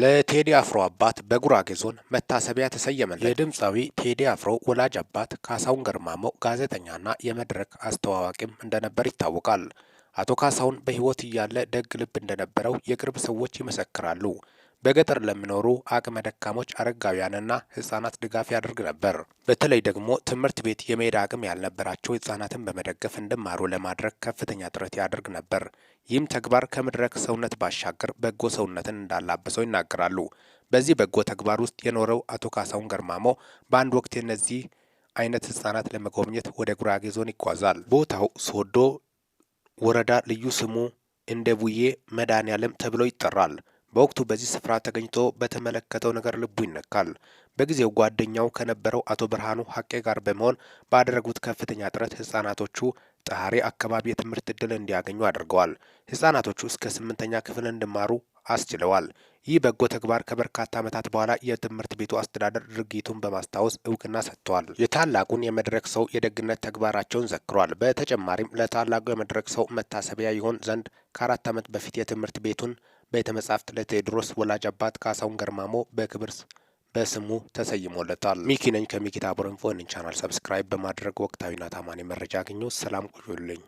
ለቴዲ አፍሮ አባት በጉራጌ ዞን መታሰቢያ ተሰየመለት። የድምፃዊ ቴዲ አፍሮ ወላጅ አባት ካሳሁን ገርማሞ ጋዜጠኛና የመድረክ አስተዋዋቂም እንደነበር ይታወቃል። አቶ ካሳሁን በሕይወት እያለ ደግ ልብ እንደነበረው የቅርብ ሰዎች ይመሰክራሉ። በገጠር ለሚኖሩ አቅመ ደካሞች፣ አረጋውያንና ህጻናት ድጋፍ ያደርግ ነበር። በተለይ ደግሞ ትምህርት ቤት የመሄድ አቅም ያልነበራቸው ህጻናትን በመደገፍ እንዲማሩ ለማድረግ ከፍተኛ ጥረት ያደርግ ነበር። ይህም ተግባር ከመድረክ ሰውነት ባሻገር በጎ ሰውነትን እንዳላበሰው ይናገራሉ። በዚህ በጎ ተግባር ውስጥ የኖረው አቶ ካሳሁን ገርማሞ በአንድ ወቅት የነዚህ አይነት ህጻናት ለመጎብኘት ወደ ጉራጌ ዞን ይጓዛል። ቦታው ሶዶ ወረዳ ልዩ ስሙ እንደ ቡዬ መድኃኔ ዓለም ተብሎ ይጠራል። በወቅቱ በዚህ ስፍራ ተገኝቶ በተመለከተው ነገር ልቡ ይነካል። በጊዜው ጓደኛው ከነበረው አቶ ብርሃኑ ሀቄ ጋር በመሆን ባደረጉት ከፍተኛ ጥረት ህጻናቶቹ ጠሀሪ አካባቢ የትምህርት እድል እንዲያገኙ አድርገዋል። ህጻናቶቹ እስከ ስምንተኛ ክፍል እንዲማሩ አስችለዋል። ይህ በጎ ተግባር ከበርካታ ዓመታት በኋላ የትምህርት ቤቱ አስተዳደር ድርጊቱን በማስታወስ እውቅና ሰጥቷል። የታላቁን የመድረክ ሰው የደግነት ተግባራቸውን ዘክሯል። በተጨማሪም ለታላቁ የመድረክ ሰው መታሰቢያ ይሆን ዘንድ ከአራት ዓመት በፊት የትምህርት ቤቱን ቤተ መጻሕፍት ለቴዎድሮስ ወላጅ አባት ካሳሁን ገርማሞ በክብር በስሙ ተሰይሞለታል። ሚኪ ነኝ ከሚኪታ ቦረንፎ። ቻናል ሰብስክራይብ በማድረግ ወቅታዊና ታማኝ መረጃ አግኙ። ሰላም ቆዩልኝ።